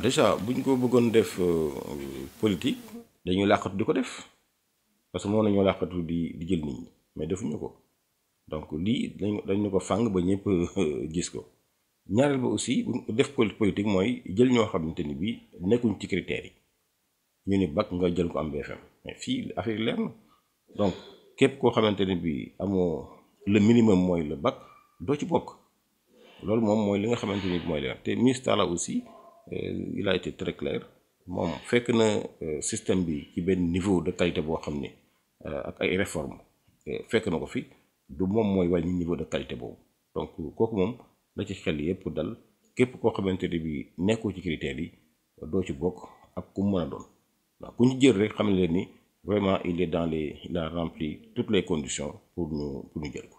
déjà bu ñu ko bëggoon def euh, politique dañuy làqatu di ko def parce que moom nañoo làqatu di di jël nit ñi mais defuñu ko donc lii dañ dañu ko fàng ba ñëpp euh, gis ko ñaareel ba aussi bu def politique mooy jël ñoo xamante ni bii nekkuñ ci critères yi ñu ni bac nga jël ko am BFM mais fii affaire leer na donc képp koo xamante ne bii amoo le minimum mooy le bac doo ci bokk loolu moom mooy li nga xamante ni mooy leer te ministre la aussi. Euh, il a été très clair moom fekk na euh, système bi ci benn niveau de qualité bo xamné ni euh, ak ay réformes fekk na ko fi du mom moy wàññi niveau de qualité boobu donc kooku moom la ci xel yépp dal képp ko xamante bi nekkoo ci critère yi do ci bokk ak ku mën don. Wa waaw ku ñu jël rek xam ni vraiment il est dans les il a rempli toutes les conditions pour nous, pour nous jël ko.